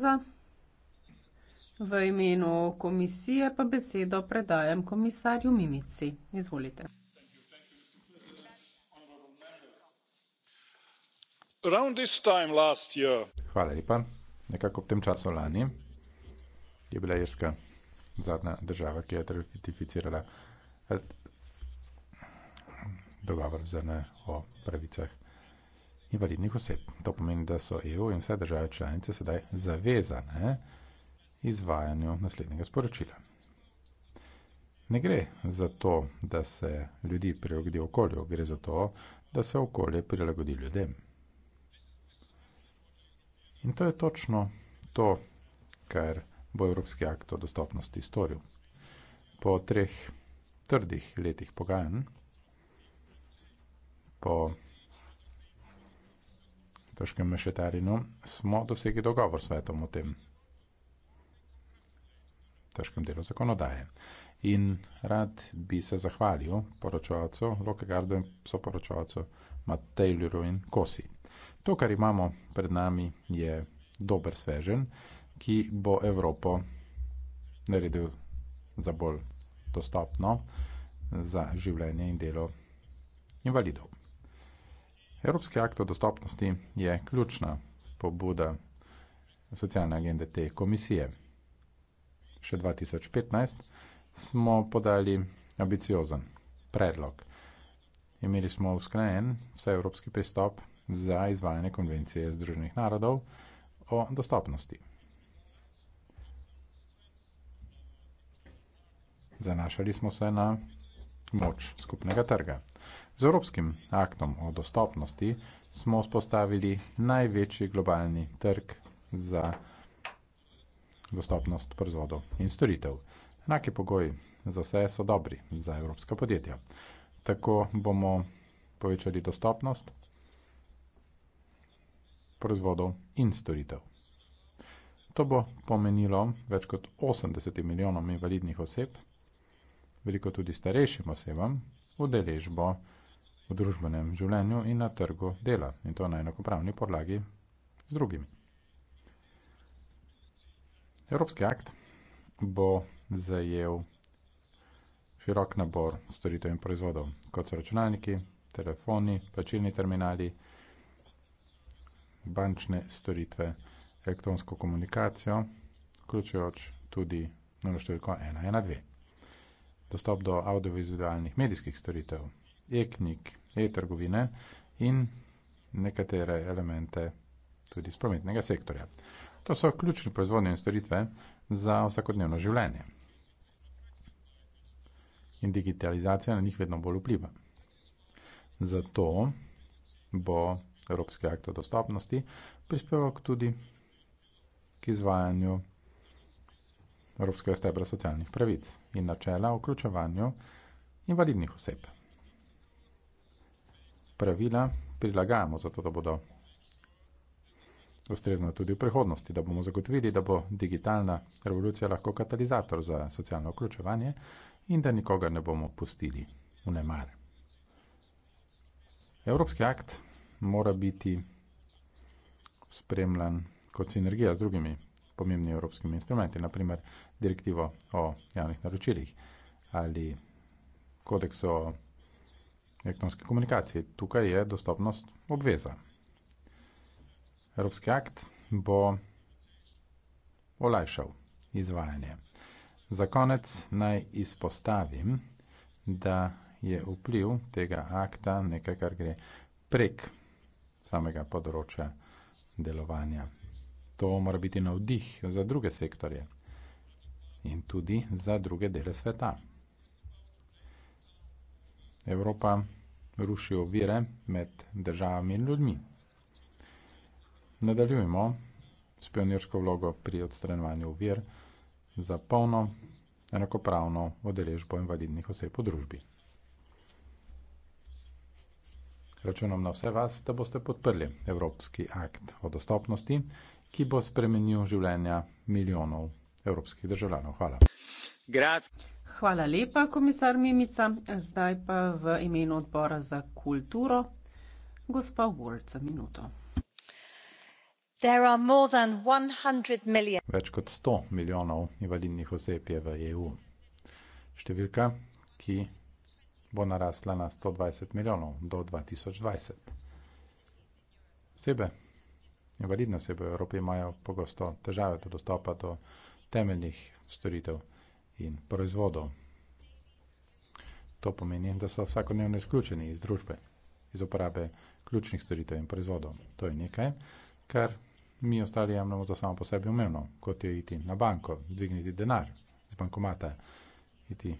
Mimoza. V imenu komisije pa besedo predajam komisarju Mimici. Izvolite. Hvala lepa. Nekako ob tem času lani je bila Irska zadnja država, ki je ratificirala eh, dogovor za ne o pravicah invalidnih oseb. To pomeni, da so EU in vse države članice sedaj zavezane izvajanju naslednjega sporočila. Ne gre za to, da se ljudi prilagodi okolju, gre za to, da se okolje prilagodi ljudem. In to je točno to, kar bo Evropski akt o dostopnosti storil. Po treh trdih letih pogajanj, po Trškem mešetarinu, smo dosegli dogovor s svetom o tem težkem delu zakonodaje. In rad bi se zahvalil poročevalcu Lokegardu in soporočevalcu Matejlju in Kosi. To, kar imamo pred nami, je dober svežen, ki bo Evropo naredil za bolj dostopno za življenje in delo invalidov. Evropski akt o dostopnosti je ključna pobuda socialne agende te komisije. Še 2015 smo podali ambiciozen predlog. Imeli smo usklajen vseevropski pristop za izvajanje konvencije Združenih narodov o dostopnosti. Zanašali smo se na moč skupnega trga. Z Evropskim aktom o dostopnosti smo spostavili največji globalni trg za dostopnost proizvodov in storitev. Enake pogoji za vse so dobri za evropska podjetja. Tako bomo povečali dostopnost proizvodov in storitev. To bo pomenilo več kot 80 milijonom invalidnih oseb, veliko tudi starejšim osebam, udeležbo v družbenem življenju in na trgu dela in to na enakopravni podlagi z drugimi. Evropski akt bo zajel širok nabor storitev in proizvodov, kot so računalniki, telefoni, plačilni terminali, bančne storitve, elektronsko komunikacijo, vključujoč tudi naroštevko 112. Dostop do audiovizualnih medijskih storitev, e-knjig, e-trgovine in nekatere elemente tudi iz prometnega sektorja. To so ključne proizvodne in storitve za vsakodnevno življenje. In digitalizacija na njih vedno bolj vpliva. Zato bo Evropski akt o dostopnosti prispeval tudi k izvajanju Evropskega stebra socialnih pravic in načela o vključevanju invalidnih oseb pravila prilagajamo, zato da bodo ustrezno tudi v prihodnosti, da bomo zagotovili, da bo digitalna revolucija lahko katalizator za socialno vključevanje in da nikogar ne bomo pustili v nemar. Evropski akt mora biti spremljan kot sinergija z drugimi pomembnimi evropskimi instrumenti, naprimer direktivo o javnih naročilih ali kodekso o elektronske komunikacije. Tukaj je dostopnost obveza. Evropski akt bo olajšal izvajanje. Za konec naj izpostavim, da je vpliv tega akta nekaj, kar gre prek samega področja delovanja. To mora biti navdih za druge sektorje in tudi za druge dele sveta. Evropa ruši ovire med državami in ljudmi. Nadaljujemo s pionirsko vlogo pri odstranjevanju ovir za polno enakopravno odeležbo invalidnih oseb v družbi. Računam na vse vas, da boste podprli Evropski akt o dostopnosti, ki bo spremenil življenja milijonov evropskih državljanov. Hvala. Grazie. Hvala lepa, komisar Mimica. Zdaj pa v imenu odbora za kulturo, gospa Ward za minuto. Več kot 100 milijonov invalidnih oseb je v EU. Številka, ki bo narasla na 120 milijonov do 2020. Osebe, invalidne osebe v Evropi imajo pogosto težave do dostopa do temeljnih storitev in proizvodov. To pomeni, da so vsakodnevno izključeni iz družbe, iz uporabe ključnih storitev in proizvodov. To je nekaj, kar mi ostali jemljemo za samo po sebi umevno, kot je iti na banko, dvigniti denar iz bankomata, iti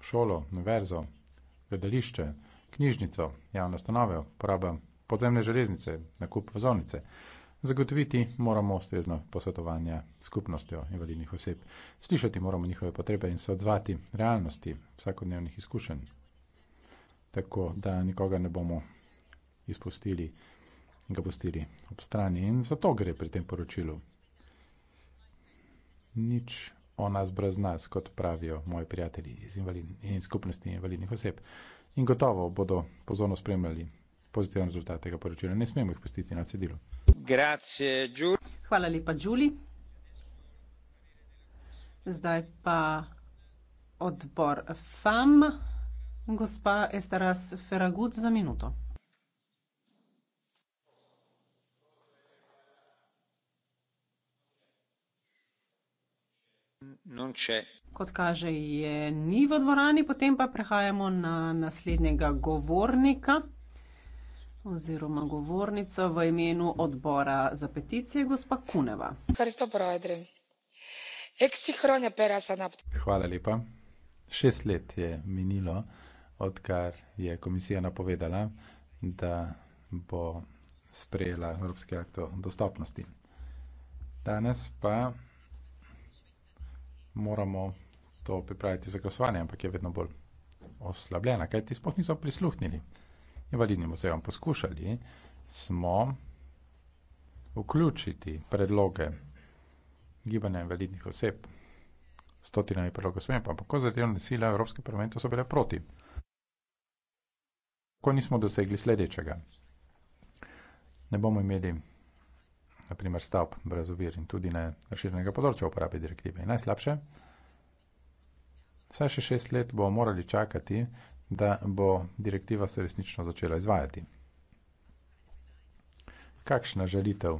v šolo, na verzo, gledališče, knjižnico, javno stanovo, poraba podzemne železnice, nakup vozovnice. Zagotoviti moramo ustrezno posvetovanje skupnostjo invalidnih oseb, slišati moramo njihove potrebe in se odzvati realnosti vsakodnevnih izkušenj, tako da nikoga ne bomo izpustili in ga pustili ob strani. In zato gre pri tem poročilu. Nič o nas brez nas, kot pravijo moji prijatelji iz invalid, in skupnosti invalidnih oseb. In gotovo bodo pozorno spremljali pozitivne rezultate tega poročila. Ne smemo jih pustiti na cedilu hvala lepa julij zdaj pa odbor fam gospa esteraz ferragut za minuto kot kaže je ni v dvorani potem pa prehajamo na naslednjega govornika oziroma govornica v imenu odbora za peticije gospa Kuneva. Hvala lepa. Šest let je minilo, odkar je komisija napovedala, da bo sprejela Evropski akt o dostopnosti. Danes pa moramo to pripraviti za glasovanje, ampak je vedno bolj oslabljena, kajti sploh niso prisluhnili invalidnim osebam poskušali, smo vključiti predloge gibanja invalidnih oseb. Stotinami predlogov smo imeli, ampak konzervativne sile Evropske parlamenta so bile proti. Ko nismo dosegli sledečega, ne bomo imeli naprimer stavb brez ovir in tudi ne razširjenega področja uporabe direktive. In najslabše, vsaj še šest let bomo morali čakati, da bo direktiva se resnično začela izvajati. Kakšna želitev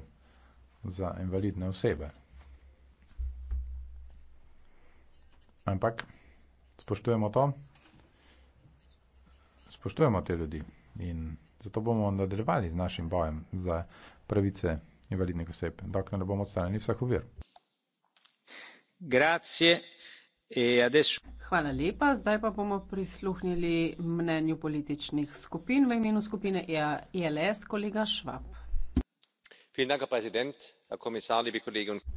za invalidne osebe? Ampak spoštujemo to, spoštujemo te ljudi in zato bomo nadaljevali z našim bojem za pravice invalidnih oseb, dokler ne bomo odstranili vseh uvir. Grazie. E, Hvala lepa. Zdaj pa bomo prisluhnili mnenju političnih skupin. V imenu skupine ELS e kolega Švab.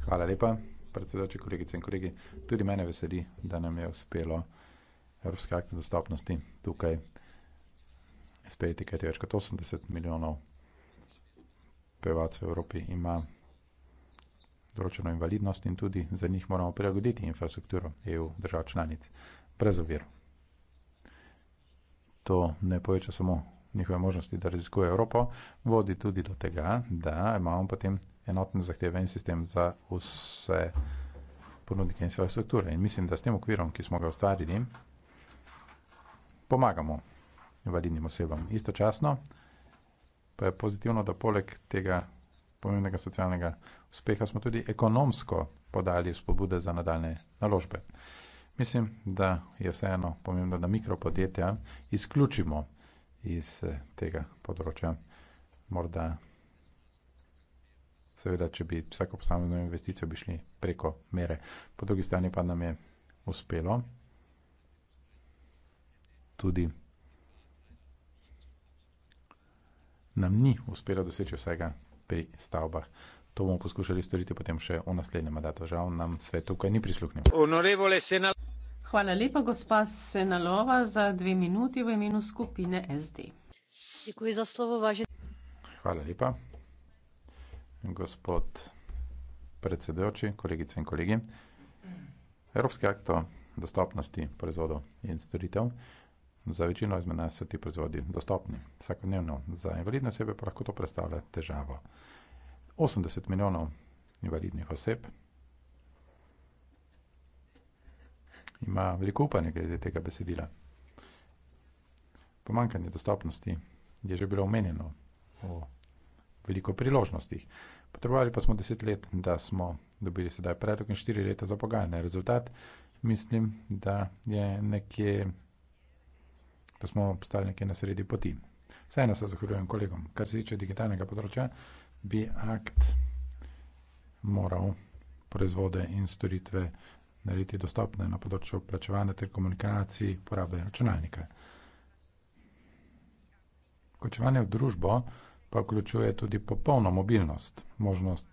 Hvala lepa, predsedujoči, kolegice in kolegi. Tudi mene veseli, da nam je uspelo Evropske akte dostopnosti tukaj sprejeti, kajti več kot 80 milijonov prebivalcev v Evropi ima določeno invalidnost in tudi za njih moramo prilagoditi infrastrukturo EU držav članic brez ovir. To ne poveča samo njihove možnosti, da raziskuje Evropo, vodi tudi do tega, da imamo potem enoten zahteven sistem za vse ponudnike infrastrukture. In mislim, da s tem okvirom, ki smo ga ustvarili, pomagamo invalidnim osebam. Istočasno pa je pozitivno, da poleg tega pomembnega socialnega uspeha, smo tudi ekonomsko podali spodbude za nadaljne naložbe. Mislim, da je vseeno pomembno, da mikropodjetja izključimo iz eh, tega področja. Morda, seveda, če bi vsako posamezno investicijo bi šli preko mere. Po drugi strani pa nam je uspelo tudi nam ni uspelo doseči vsega, pri stavbah. To bomo poskušali storiti potem še v naslednjem mandatu. Žal nam svet tukaj ni prisluhnil. Hvala lepa, gospa Senalova, za dve minuti v imenu skupine SD. Děkuji za slovo, vážený. Hvala lepa, gospod predsedujoči, kolegice in kolegi. Evropski akt o dostopnosti proizvodov in storitev Za večino izmed nas so ti proizvodi dostopni vsakodnevno, za invalidne osebe pa lahko to predstavlja težavo. 80 milijonov invalidnih oseb ima veliko upanja glede tega besedila. Pomankanje dostopnosti je že bilo omenjeno o veliko priložnostih. Potrebovali pa smo 10 let, da smo dobili sedaj predlog in 4 leta za pogajanje. Rezultat mislim, da je nekje da smo postali nekje na sredi poti. Vseeno se zahvaljujem kolegom. Kar se tiče digitalnega področja, bi akt moral proizvode in storitve narediti dostopne na področju plačevanja ter komunikacij porabe računalnika. Vključevanje v družbo pa vključuje tudi popolno mobilnost, možnost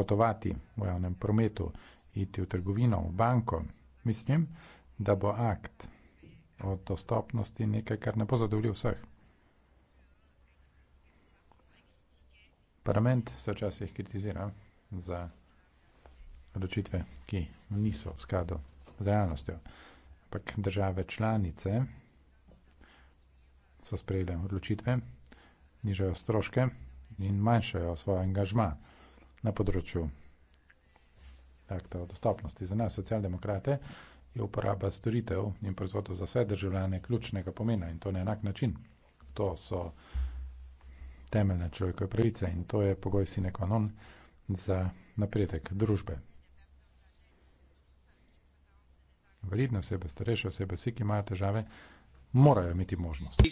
potovati v javnem prometu, iti v trgovino, v banko. Mislim, da bo akt o dostopnosti, nekaj, kar ne bo zadovoljil vseh. Parlament se včasih kritizira za odločitve, ki niso v skladu z realnostjo. Ampak države članice so sprejele odločitve, nižajo stroške in manjšajo svoj angažma na področju akta o dostopnosti. Za nas, socialdemokrate, je uporaba storitev in proizvodov za vse državljane ključnega pomena in to na enak način. To so temeljne človekove pravice in to je pogoj sine qua non za napredek družbe. Validne osebe, starejše osebe, vsi, ki imajo težave, morajo imeti možnost.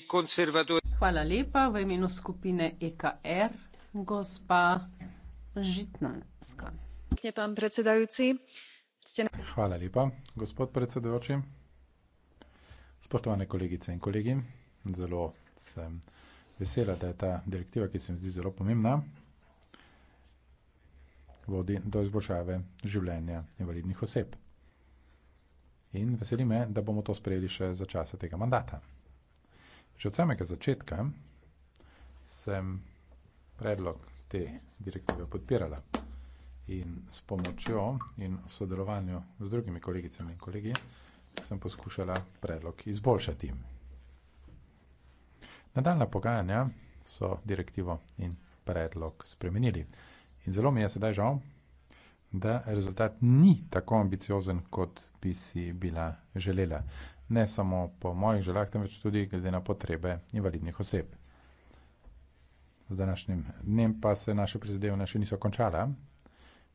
Hvala lepa v imenu skupine EKR, gospa Žitnanska. Hvala lepa, predsedajoči. Hvala lepa, gospod predsedujoči. Spoštovane kolegice in kolegi, zelo sem vesela, da je ta direktiva, ki se mi zdi zelo pomembna, vodi do izboljšave življenja invalidnih oseb. In veseli me, da bomo to sprejeli še za časa tega mandata. Že od samega začetka sem predlog te direktive podpirala in s pomočjo in v sodelovanju z drugimi kolegicami in kolegi sem poskušala predlog izboljšati. Nadaljna pogajanja so direktivo in predlog spremenili. In zelo mi je sedaj žal, da rezultat ni tako ambiciozen, kot bi si bila želela. Ne samo po mojih želah, temveč tudi glede na potrebe invalidnih oseb. Z današnjim dnem pa se naše prizadevanja še niso končala,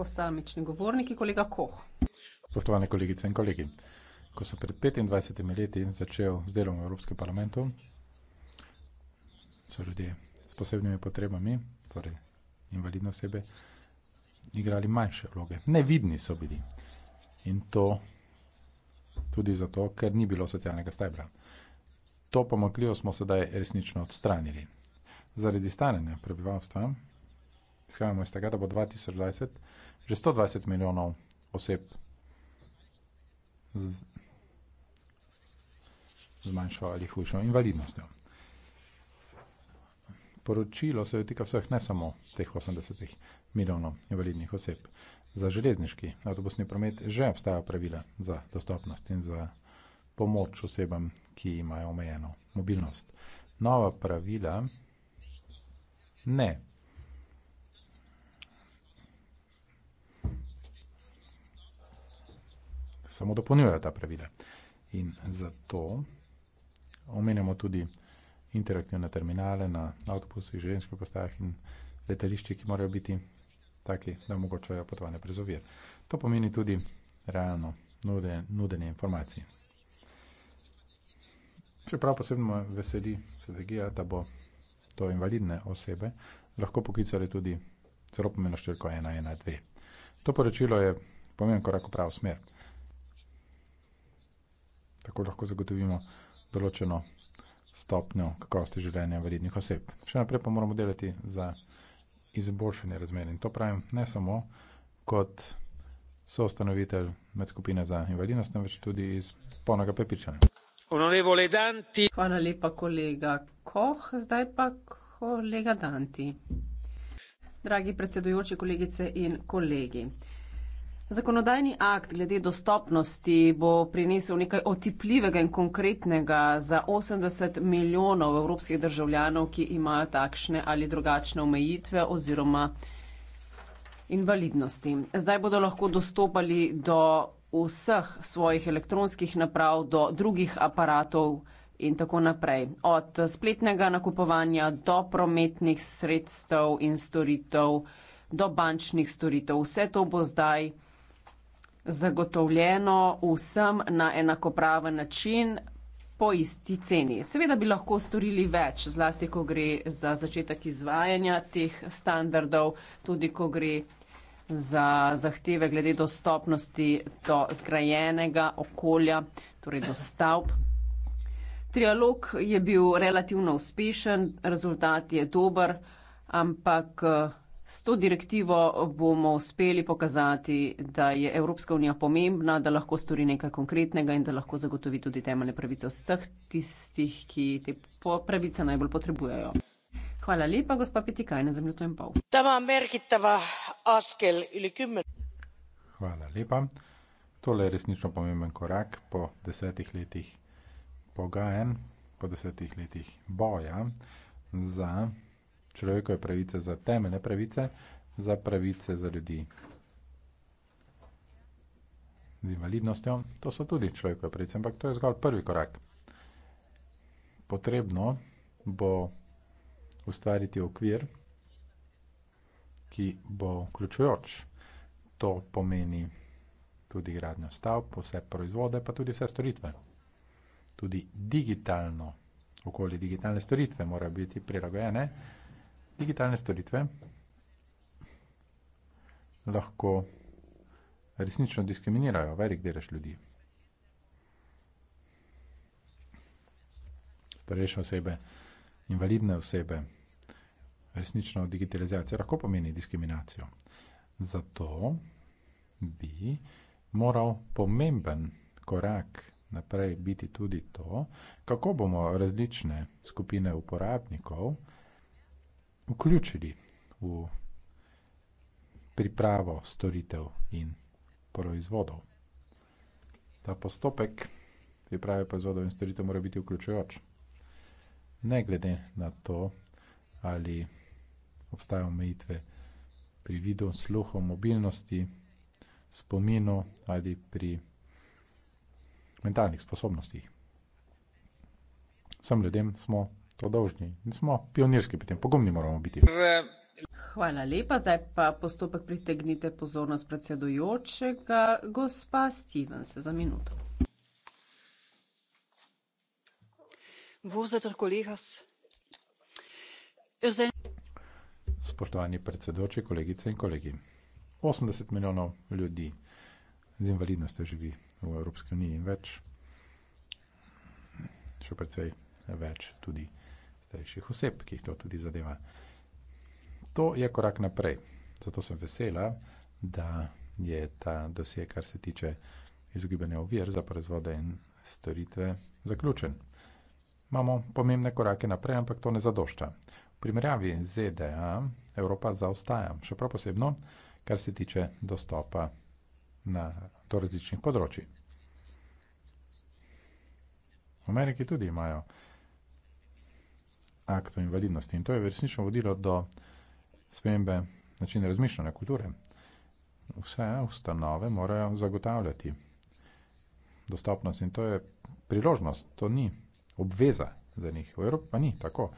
posamični govorniki, kolega Koh. Spoštovane kolegice in kolegi. Ko sem pred 25 leti začel z delom v Evropskem parlamentu, so ljudje s posebnimi potrebami, torej invalidne osebe, igrali manjše vloge. Nevidni so bili. In to tudi zato, ker ni bilo socialnega stebra. To pomakljivo smo sedaj resnično odstranili. Zaradi stanjenja prebivalstva, izhajamo iz tega, da bo 2020 že 120 milijonov oseb z, z manjšo ali hujšo invalidnostjo. Poročilo se dotika vseh, ne samo teh 80 milijonov invalidnih oseb. Za železniški avtobusni promet že obstajajo pravila za dostopnost in za pomoč osebam, ki imajo omejeno mobilnost. Nova pravila ne samo dopolnjujejo ta pravila. In zato omenjamo tudi interaktivne terminale na avtobusih, ženskih postajah in letališčih, ki morajo biti taki, da omogočajo potovanje brez ovir. To pomeni tudi realno nude, nudenje informacij. Čeprav posebno me veseli strategija, da bo to invalidne osebe lahko poklicali tudi celo pomeno številko 112. To poročilo je pomemben korak v pravo smer tako lahko zagotovimo določeno stopnjo kakovosti življenja vrednih oseb. Še naprej pa moramo delati za izboljšanje razmer in to pravim ne samo kot soustanovitelj med skupine za invalidnost, temveč tudi iz polnega prepričanja. Hvala lepa, kolega Koh, zdaj pa kolega Danti. Dragi predsedujoči, kolegice in kolegi. Zakonodajni akt glede dostopnosti bo prinesel nekaj otipljivega in konkretnega za 80 milijonov evropskih državljanov, ki imajo takšne ali drugačne omejitve oziroma invalidnosti. Zdaj bodo lahko dostopali do vseh svojih elektronskih naprav, do drugih aparatov in tako naprej. Od spletnega nakupovanja do prometnih sredstev in storitev, do bančnih storitev. Vse to bo zdaj zagotovljeno vsem na enakopraven način po isti ceni. Seveda bi lahko storili več, zlasti ko gre za začetek izvajanja teh standardov, tudi ko gre za zahteve glede dostopnosti do zgrajenega okolja, torej do stavb. Trialog je bil relativno uspešen, rezultat je dober, ampak S to direktivo bomo uspeli pokazati, da je Evropska unija pomembna, da lahko stori nekaj konkretnega in da lahko zagotovi tudi temeljne pravice vseh tistih, ki te pravice najbolj potrebujejo. Hvala lepa, gospa Petikajna, za minuto in pol. Hvala lepa. Tole je resnično pomemben korak po desetih letih pogajanj, po desetih letih boja za človekove pravice za temeljne pravice, za pravice za ljudi z invalidnostjo. To so tudi človekove pravice, ampak to je zgolj prvi korak. Potrebno bo ustvariti okvir, ki bo vključujoč. To pomeni tudi gradnjo stav, vse proizvode, pa tudi vse storitve. Tudi digitalno, okoli digitalne storitve morajo biti prilagojene. Eh? digitalne storitve lahko resnično diskriminirajo velik delež ljudi. Starejše osebe, invalidne osebe, resnično digitalizacija lahko pomeni diskriminacijo. Zato bi moral pomemben korak naprej biti tudi to, kako bomo različne skupine uporabnikov vključili v pripravo storitev in proizvodov. Ta postopek priprave proizvodov in storitev mora biti vključujoč, ne glede na to, ali obstajajo omejitve pri vidu, sluhu, mobilnosti, spominu ali pri mentalnih sposobnostih. Vsem ljudem smo To dolžni. Smo pionirski pri tem, pogumni moramo biti. Hvala lepa, zdaj pa postopek pritegnite pozornost predsedujočega, gospa Steven, se za minuto. Er Spoštovani predsedujoči, kolegice in kolegi. 80 milijonov ljudi z invalidnostjo živi v Evropski uniji in več, še precej več tudi starejših oseb, ki jih to tudi zadeva. To je korak naprej. Zato sem vesela, da je ta dosje, kar se tiče izogibanja ovir za proizvode in storitve, zaključen. Imamo pomembne korake naprej, ampak to ne zadošča. V primerjavi z ZDA Evropa zaostaja, še prav posebno, kar se tiče dostopa na to različnih področji. V Ameriki tudi imajo akt o invalidnosti. In to je resnično vodilo do spremembe načina razmišljanja kulture. Vse ustanove morajo zagotavljati dostopnost in to je priložnost, to ni obveza za njih. V Evropi pa ni tako.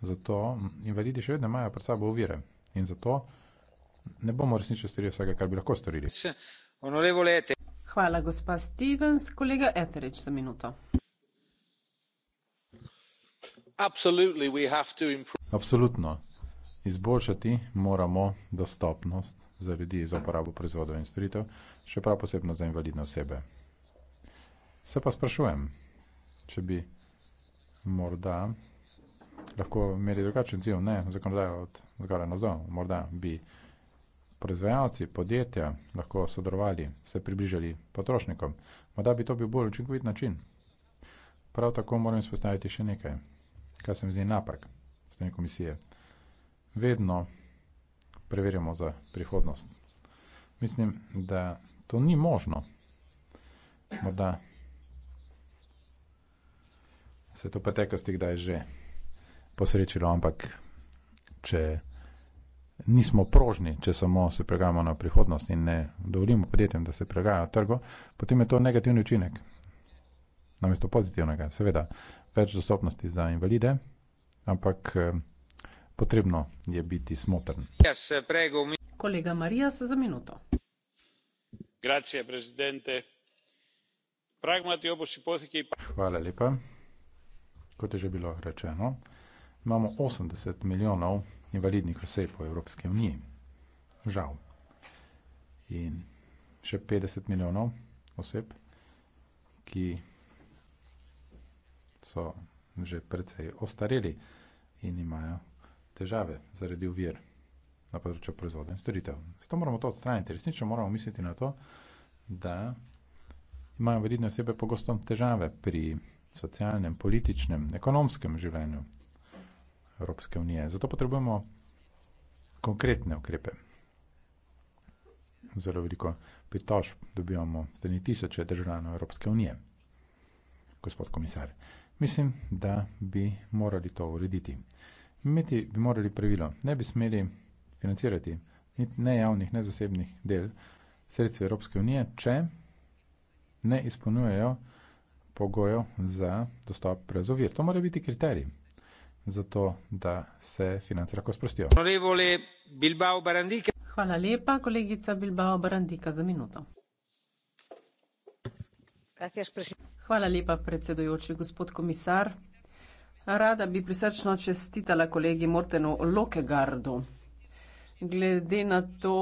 Zato invalidi še vedno imajo pred sabo ovire in zato ne bomo resnično storili vsega, kar bi lahko storili. Hvala, gospa Stevens. Kolega Etherič, za minuto. Absolutno. Izboljšati moramo dostopnost za ljudi za uporabo proizvodov in storitev, še prav posebno za invalidne osebe. Se pa sprašujem, če bi morda lahko imeli drugačen odziv, ne zakonodajo od zgoraj na zon, morda bi proizvajalci, podjetja lahko sodelovali, se približali potrošnikom, morda bi to bil bolj učinkovit način. Prav tako moram izpostaviti še nekaj kar se mi zdi napak strani komisije. Vedno preverjamo za prihodnost. Mislim, da to ni možno. Morda se to preteklosti kdaj že posrečilo, ampak če nismo prožni, če samo se pregajamo na prihodnost in ne dovolimo podjetjem, da se pregajajo trgo, potem je to negativni učinek. Namesto pozitivnega, seveda, več dostopnosti za invalide, ampak eh, potrebno je biti smotrn. Kolega Marijas za minuto. Hvala lepa. Kot je že bilo rečeno, imamo 80 milijonov invalidnih oseb v Evropski uniji. Žal. In še 50 milijonov oseb, ki so že precej ostareli in imajo težave zaradi uvir na področju proizvodnje in storitev. Zato moramo to odstraniti. Resnično moramo misliti na to, da imajo vredne osebe pogosto težave pri socialnem, političnem, ekonomskem življenju Evropske unije. Zato potrebujemo konkretne ukrepe. Zelo veliko pritožb dobivamo strani tisoče državljanov Evropske unije, gospod komisar. Mislim, da bi morali to urediti. Imeti bi morali pravilo, ne bi smeli financirati ne javnih, ne zasebnih del sredstva Evropske unije, če ne izpolnjujejo pogojev za dostop brez ovir. To mora biti kriterij za to, da se finance lahko sprostijo. Hvala lepa, kolegica Bilbao Barandika, za minuto. Gracias, Hvala lepa, predsedujoči gospod komisar. Rada bi prisrčno čestitala kolegi Mortenu Lokegardu. Glede na to,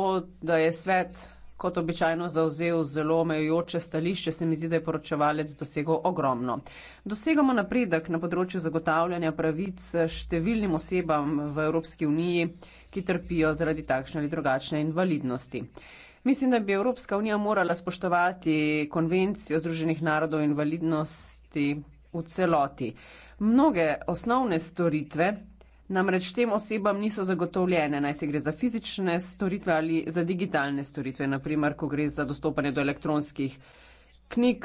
da je svet kot običajno zauzel zelo omejujoče stališče, se mi zdi, da je poročevalec dosegel ogromno. Dosegamo napredek na področju zagotavljanja pravic številnim osebam v Evropski uniji, ki trpijo zaradi takšne ali drugačne invalidnosti. Mislim, da bi Evropska unija morala spoštovati konvencijo Združenih narodov o invalidnosti v celoti. Mnoge osnovne storitve namreč tem osebam niso zagotovljene, naj se gre za fizične storitve ali za digitalne storitve, naprimer, ko gre za dostopanje do elektronskih knjig,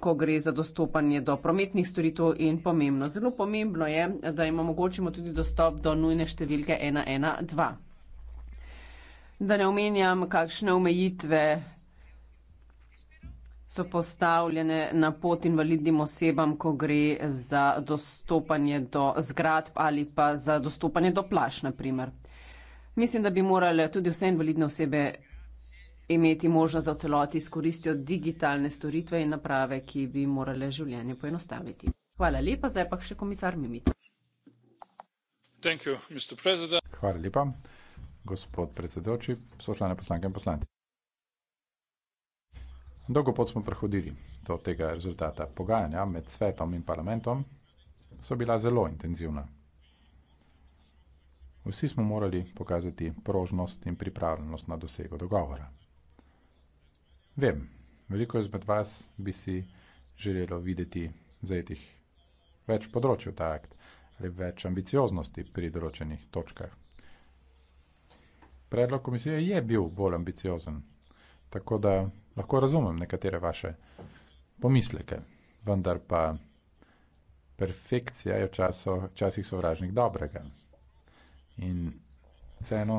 ko gre za dostopanje do prometnih storitev in pomembno. Zelo pomembno je, da jim omogočimo tudi dostop do nujne številke 112 da ne omenjam, kakšne omejitve so postavljene na pot invalidnim osebam, ko gre za dostopanje do zgradb ali pa za dostopanje do plaž, naprimer. Mislim, da bi morale tudi vse invalidne osebe imeti možnost, da v celoti izkoristijo digitalne storitve in naprave, ki bi morale življenje poenostaviti. Hvala lepa, zdaj pa še komisar Mimit. Hvala lepa gospod predsedoči, sošlane poslanke in poslanci. Dolgo pot smo prehodili do tega rezultata. Pogajanja med svetom in parlamentom so bila zelo intenzivna. Vsi smo morali pokazati prožnost in pripravljenost na dosego dogovora. Vem, veliko izmed vas bi si želelo videti zajetih več področjev ta akt ali več ambicioznosti pri določenih točkah predlog komisije je bil bolj ambiciozen. Tako da lahko razumem nekatere vaše pomisleke, vendar pa perfekcija je včasih sovražnik dobrega. In vseeno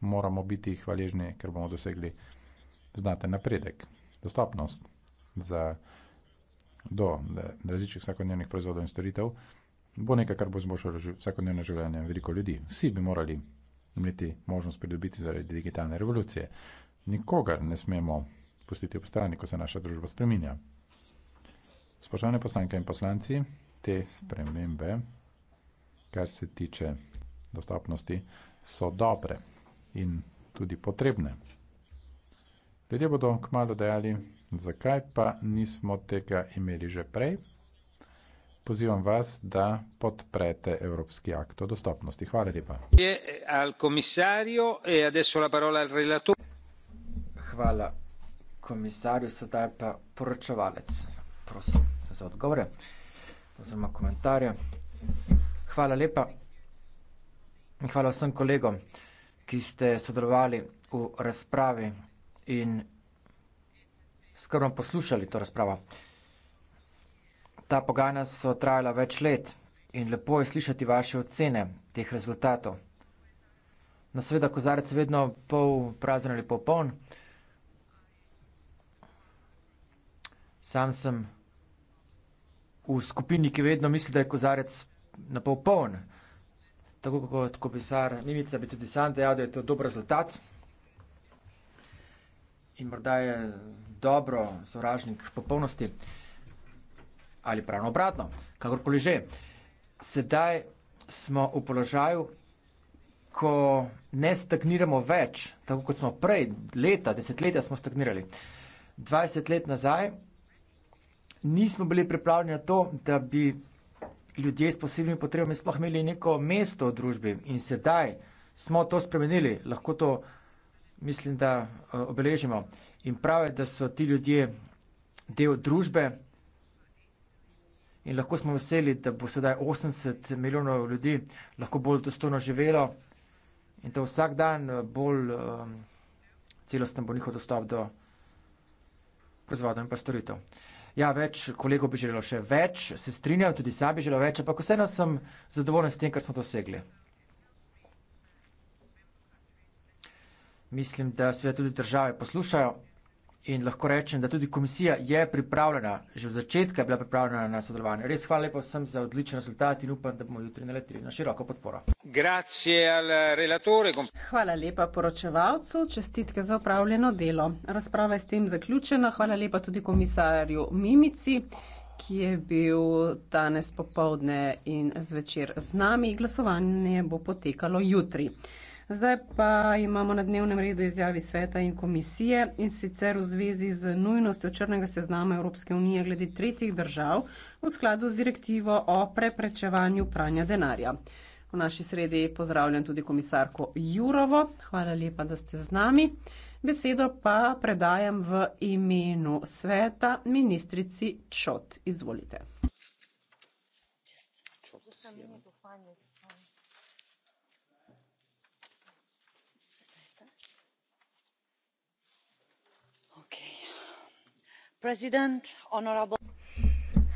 moramo biti hvaležni, ker bomo dosegli znaten napredek, dostopnost za, do različnih vsakodnevnih proizvodov in storitev. Bo nekaj, kar bo izboljšalo vsakodnevno življenje veliko ljudi. Vsi bi morali imeti možnost pridobiti zaradi digitalne revolucije. Nikogar ne smemo pustiti ob strani, ko se naša družba spreminja. Spoštovane poslanke in poslanci, te spremembe, kar se tiče dostopnosti, so dobre in tudi potrebne. Ljudje bodo kmalo dejali, zakaj pa nismo tega imeli že prej pozivam vas, da podprete evropski akt o dostopnosti. Hvala lepa. E hvala komisarju, sedaj pa poročevalec. Prosim za odgovore oziroma komentarje. Hvala lepa in hvala vsem kolegom, ki ste sodelovali v razpravi in skrbno poslušali to razpravo. Ta pogajanja so trajala več let in lepo je slišati vaše ocene teh rezultatov. Na no, sveda kozarec vedno pol prazen ali popoln. Sam sem v skupini, ki vedno misli, da je kozarec na pol poln. Tako kot komisar Nimica bi tudi sam dejal, da je to dober rezultat. In morda je dobro sovražnik popolnosti ali pravno obratno, kakorkoli že. Sedaj smo v položaju, ko ne stagniramo več, tako kot smo prej, leta, desetletja smo stagnirali. 20 let nazaj nismo bili pripravljeni na to, da bi ljudje s posebnimi potrebami sploh imeli neko mesto v družbi in sedaj smo to spremenili, lahko to mislim, da eh, obeležimo. In prav je, da so ti ljudje del družbe, in lahko smo veseli, da bo sedaj 80 milijonov ljudi lahko bolj dostojno živelo in da vsak dan eh, bolj um, celosten bo njihov dostop do proizvodov in pa storitev. Ja, več kolegov bi želelo še več, se strinjam, tudi sam bi želel več, ampak vseeno sem zadovoljen s tem, kar smo dosegli. Mislim, da se tudi države poslušajo. In lahko rečem, da tudi komisija je pripravljena, že od začetka je bila pripravljena na sodelovanje. Res hvala lepa vsem za odličen rezultat in upam, da bomo jutri naletili na široko podporo. Hvala lepa poročevalcu, čestitke za upravljeno delo. Razprava je s tem zaključena. Hvala lepa tudi komisarju Mimici, ki je bil danes popovdne in zvečer z nami. Glasovanje bo potekalo jutri. Zdaj pa imamo na dnevnem redu izjavi sveta in komisije in sicer v zvezi z nujnostjo črnega seznama Evropske unije glede tretjih držav v skladu z direktivo o preprečevanju pranja denarja. V naši sredi pozdravljam tudi komisarko Jurovo. Hvala lepa, da ste z nami. Besedo pa predajam v imenu sveta ministrici Čot. Izvolite.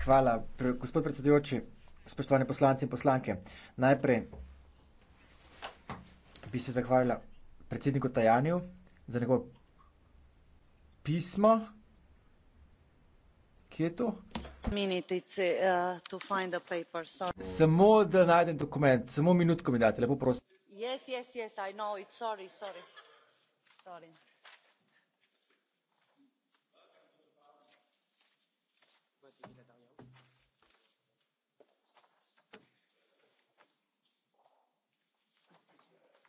Hvala, gospod predsedujoči, spoštovani poslanci in poslanke. Najprej bi se zahvalila predsedniku Tajaniju za njegovo pismo. Kje je to? Uh, samo da najdem dokument, samo minutko mi dajte, lepo prosim.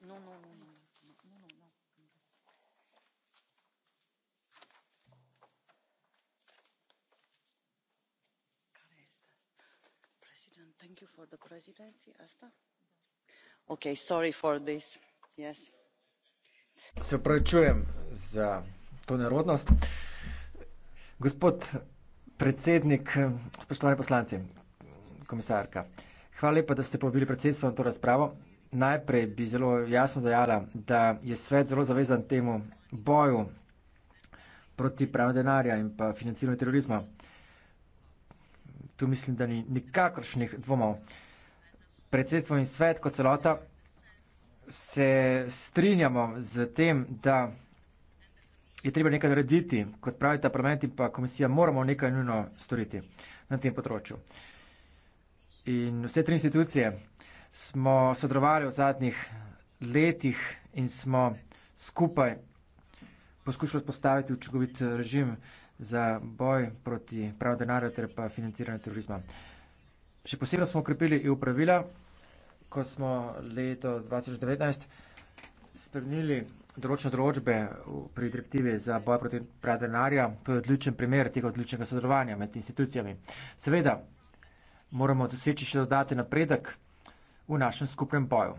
No, no, no, se opravičujem za to nerodnost. Gospod predsednik, spoštovani poslanci, komisarka. Hvala lepa, da ste povabili predsedstvo na to razpravo najprej bi zelo jasno dejala, da je svet zelo zavezan temu boju proti pranju denarja in pa financiranju terorizma. Tu mislim, da ni nikakršnih dvomov. Predsedstvo in svet kot celota se strinjamo z tem, da je treba nekaj narediti, kot pravi ta parlament in pa komisija, moramo nekaj nujno storiti na tem področju. In vse tri institucije, smo sodelovali v zadnjih letih in smo skupaj poskušali spostaviti učinkovit režim za boj proti pravu denarja ter pa financiranju terorizma. Še posebno smo ukrepili EU pravila, ko smo leto 2019 spremenili določene določbe pri direktivi za boj proti pravu denarja. To je odličen primer tega odličnega sodelovanja med institucijami. Seveda moramo doseči še dodati napredek v našem skupnem boju.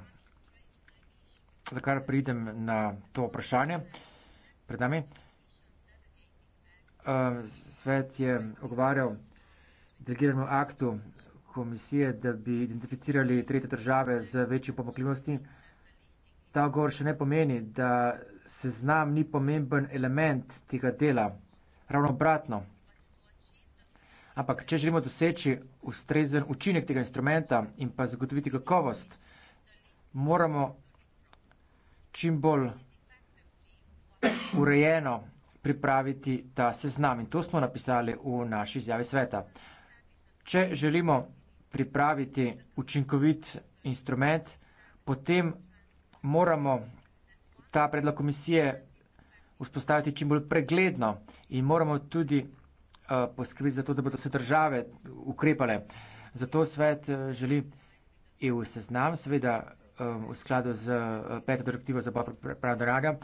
Zakaj pridem na to vprašanje pred nami? Eh, svet je ogovarjal delegiranemu aktu komisije, da bi identificirali tretje države z večjo pomakljivosti. Ta govor še ne pomeni, da seznam ni pomemben element tega dela. Ravno obratno. Ampak, če želimo doseči ustrezen učinek tega instrumenta in pa zagotoviti kakovost, moramo čim bolj urejeno pripraviti ta seznam. In to smo napisali v naši izjavi sveta. Če želimo pripraviti učinkovit instrument, potem moramo ta predlog komisije vzpostaviti čim bolj pregledno in moramo tudi poskrbi za to, da bodo se države ukrepale. Zato svet e, želi EU seznam, seveda e, v skladu z e, peto direktivo za boje prav denarja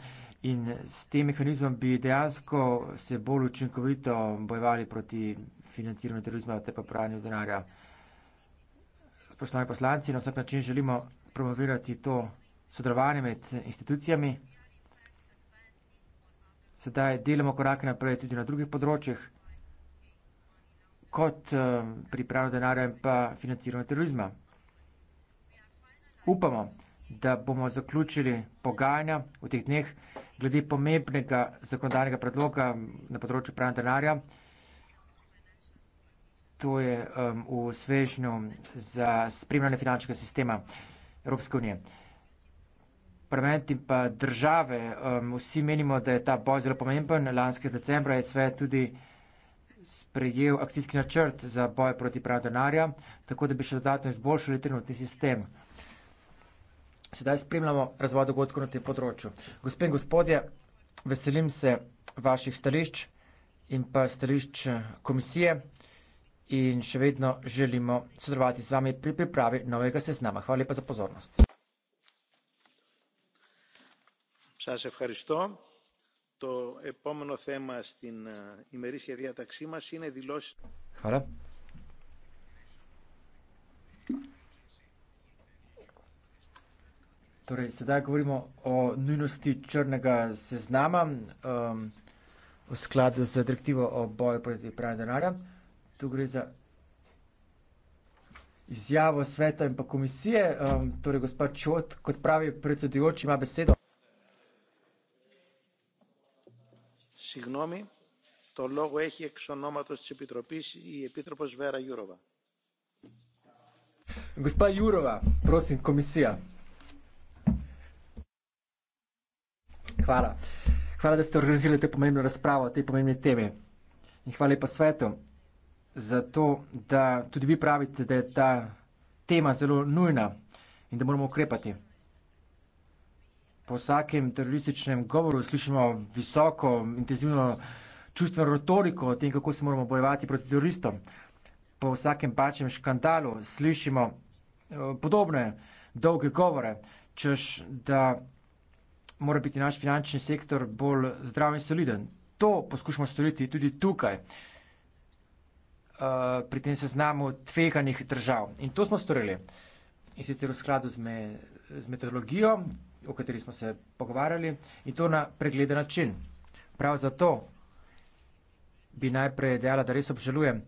in s tem mehanizmom bi dejansko se bolj učinkovito bojevali proti financiranju terorizma te pa pranju denarja. Spoštovani poslanci, na vsak način želimo promovirati to sodelovanje med institucijami. Sedaj delamo korake naprej tudi na drugih področjih kot ehm, pripravljanje denarja in pa financiranje terorizma. Upamo, da bomo zaključili pogajanja v teh dneh glede pomembnega zakonodajnega predloga na področju pranja denarja. To je um, v svežnju za spremljanje finančnega sistema Evropske unije. Parlament in pa države, um, vsi menimo, da je ta boj zelo pomemben. Lanskega decembra je svet tudi uh, sprejel akcijski načrt za boj proti pranju denarja, tako da bi še dodatno izboljšali trenutni sistem. Sedaj spremljamo razvoj dogodkov na tem področju. Gospe in gospodje, veselim se vaših stališč in pa stališč eh, komisije in še vedno želimo sodelovati z vami pri pripravi novega seznama. Hvala lepa za pozornost. Vse se v Hrvatsko. Το επόμενο θέμα στην ημερήσια διάταξή μας είναι δηλώσει. Χαρά. Torej, sedaj govorimo o nujnosti črnega seznama um, v skladu z direktivo o boju proti pranju denarja. Tu gre za izjavo sveta in pa komisije. Um, torej, gospod Čot, kot pravi predsedujoči, ima besedo. gospa jourová prosim komisija. Hvala. Hvala, da ste organizirali to pomembno razpravo o tej pomembni temi. In hvala lepa svetu za to, da tudi vi pravite, da je ta tema zelo nujna in da moramo ukrepati po vsakem terorističnem govoru slišimo visoko, intenzivno čustveno retoriko o tem, kako se moramo bojevati proti teroristom. Po vsakem pačem škandalu slišimo eh, podobne dolge govore, češ da mora biti naš finančni sektor bolj zdrav in soliden. To poskušamo storiti tudi tukaj, eh, pri tem seznamu tveganih držav. In to smo storili. In sicer v skladu z, me, z metodologijo, o kateri smo se pogovarjali, in to na pregleden način. Prav zato bi najprej dejala, da res obžalujem,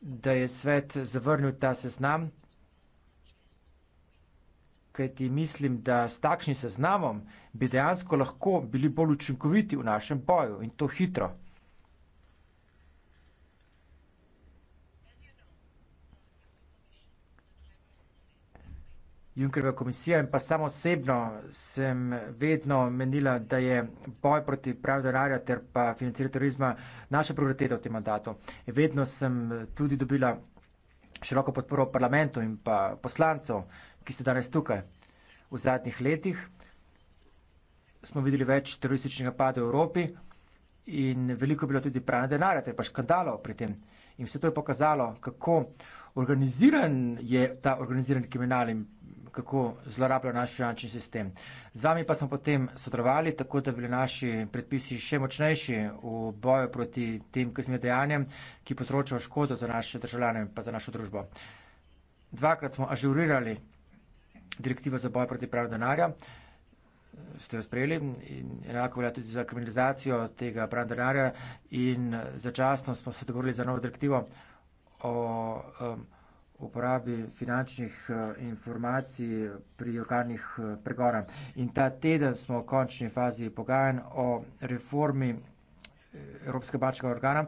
da je svet zavrnil ta seznam, kajti mislim, da s takšnim seznamom bi dejansko lahko bili bolj učinkoviti v našem boju in to hitro. Junckerjeva komisija in pa samo osebno sem vedno menila, da je boj proti pravi denarja ter pa financiranje turizma naša prioriteta v tem mandatu. Vedno sem tudi dobila široko podporo parlamentu in pa poslancev, ki ste danes tukaj. V zadnjih letih smo videli več terorističnih napadov v Evropi in veliko je bilo tudi pranja denarja ter pa škandalov pri tem. In vse to je pokazalo, kako organiziran je ta organiziran kriminal in kako zlorabljajo naš finančni sistem. Z vami pa smo potem sodelovali, tako da bili naši predpisi še močnejši v boju proti tem kaznim dejanjem, ki potročajo škodo za naše državljane in pa za našo družbo. Dvakrat smo ažurirali direktivo za boj proti pravi denarja, ste jo sprejeli in enako velja tudi za kriminalizacijo tega pravi denarja in začasno smo se dogovorili za novo direktivo o um, uporabi finančnih eh, informacij pri organih eh, pregona. In ta teden smo v končni fazi pogajanj o reformi eh, Evropske bačega organa,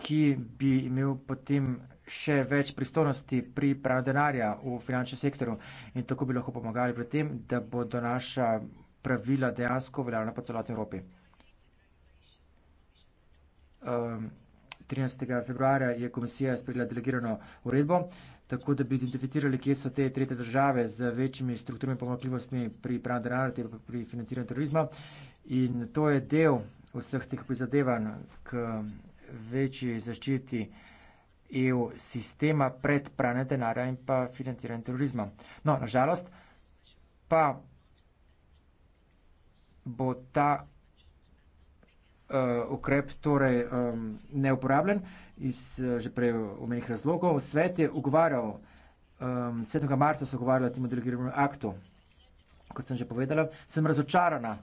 ki bi imel potem še več pristojnosti pri pranju denarja v finančnem sektorju in tako bi lahko pomagali pri tem, da bodo naša pravila dejansko veljavna po celotni Evropi. Um, ehm, 13. februarja je komisija sprejela delegirano uredbo, uh, tako da bi identificirali, kje so te tretje države z večjimi strukturnimi pomakljivostmi pri pranju denarja, te pa pri financiranju terorizma. In to je del vseh teh prizadevanj k večji zaščiti EU sistema pred pranjem denarja in pa financiranjem terorizma. No, nažalost, pa bo ta uh, ukrep torej um, neuporabljen iz uh, že prej omenih razlogov. Svet je ugovarjal, um, 7. marca so ugovarjali temu delegiranemu aktu, kot sem že povedala. Sem razočarana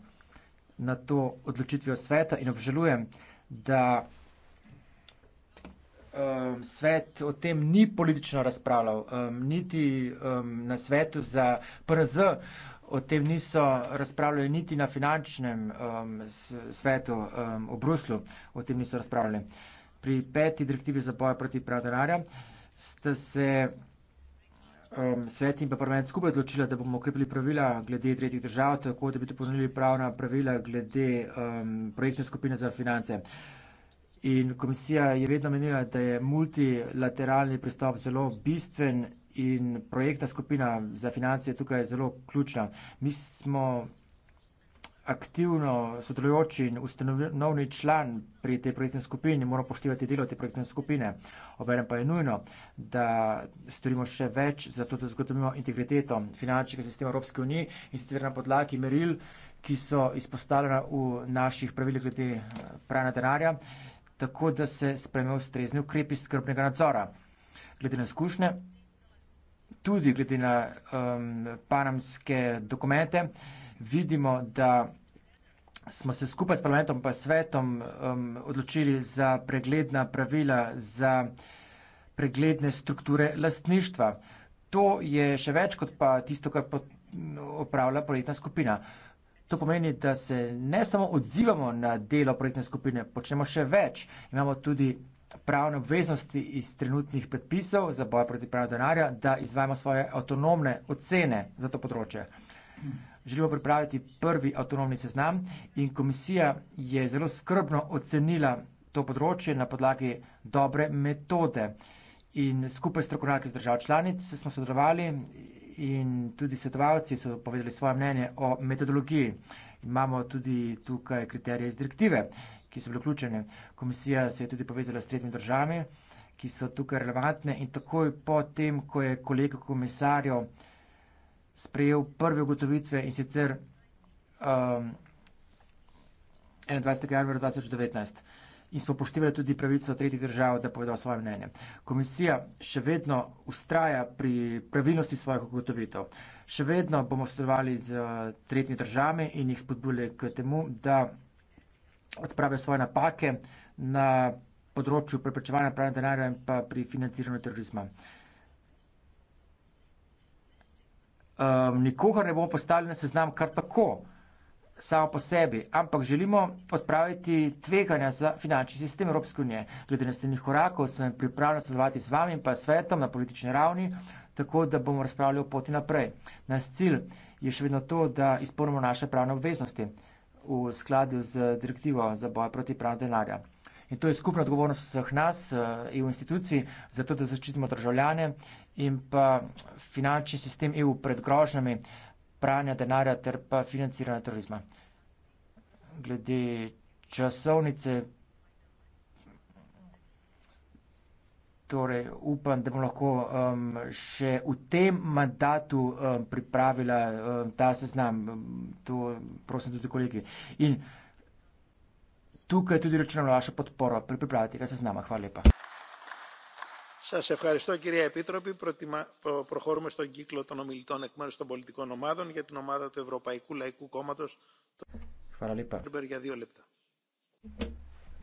na to odločitvijo sveta in obžalujem, da um, svet o tem ni politično razpravljal, um, niti um, na svetu za PRZ. Uh, O tem niso razpravljali niti na finančnem um, svetu um, v Bruslu, o tem niso razpravljali. Pri peti direktivi za boj proti pravu denarja sta se um, svet in pa parlament skupaj odločila, da bomo ukrepili pravila glede tretjih držav, tako da bi dopolnili pravna pravila glede um, projektne skupine za finance. In komisija je vedno menila, da je multilateralni pristop zelo bistven in projektna skupina za financije je tukaj zelo ključna. Mi smo aktivno sodelujoči in ustanovni član pri tej projektni skupini, moramo poštivati delo te projektne skupine. Obenem pa je nujno, da storimo še več za to, da zagotovimo integriteto finančnega sistema Evropske unije in sicer na podlagi meril, ki so izpostavljena v naših pravilih glede eh, pranja denarja, tako da se spremejo ustrezni ukrepi skrbnega nadzora. Glede na izkušnje, tudi glede na um, panamske dokumente, vidimo, da smo se skupaj s parlamentom pa svetom um, odločili za pregledna pravila, za pregledne strukture lastništva. To je še več kot pa tisto, kar opravlja projektna skupina. To pomeni, da se ne samo odzivamo na delo projektne skupine, počnemo še več. Imamo tudi pravne obveznosti iz trenutnih predpisov za boj proti pranju denarja, da izvajamo svoje avtonomne ocene za to področje. Želimo pripraviti prvi avtonomni seznam in komisija je zelo skrbno ocenila to področje na podlagi dobre metode. In skupaj s strokovnjaki z držav članic smo sodelovali in tudi svetovalci so povedali svoje mnenje o metodologiji. Imamo tudi tukaj kriterije iz direktive. Uh, ki so bile vključene. Komisija se je tudi povezala s tretjimi državami, ki so tukaj relevantne in takoj po tem, ko je kolega komisarjo sprejel prve ugotovitve in sicer um, 21. januarja 2019 in smo poštevali tudi pravico tretjih držav, da povedo svoje mnenje. Komisija še vedno ustraja pri pravilnosti svojih ugotovitev. Še vedno bomo sodelovali z uh, tretjimi državami in jih spodbujali k temu, da odprave svoje napake na področju preprečevanja pranja denarja in pa pri financiranju terorizma. Um, nikogar ne bomo postavili na seznam kar tako, samo po sebi, ampak želimo odpraviti tveganja za finančni sistem Evropske unije. Glede naslednjih korakov sem pripravljen sodelovati s vami in pa svetom na politični ravni, tako da bomo razpravljali o poti naprej. Naš cilj je še vedno to, da izpolnimo naše pravne obveznosti v skladu z direktivo za boj proti pranju denarja. In to je skupna odgovornost vseh nas in eh, v e instituciji, zato da zaščitimo državljane in pa finančni sistem EU pred grožnjami pranja denarja ter pa financiranja terorizma. Glede časovnice Torej, upam, da bomo lahko um, še v tem mandatu um, pripravila um, ta seznam. Um, to prosim tudi kolegi. In tukaj tudi računam vašo podporo pri pripravi tega seznama. Hvala lepa. Σα ευχαριστώ κυρία Επίτροπη. Προχωρούμε στον κύκλο των ομιλητών εκ μέρου των πολιτικών ομάδων για την ομάδα του Ευρωπαϊκού Λαϊκού Κόμματο. Ευχαριστώ. Για δύο λεπτά.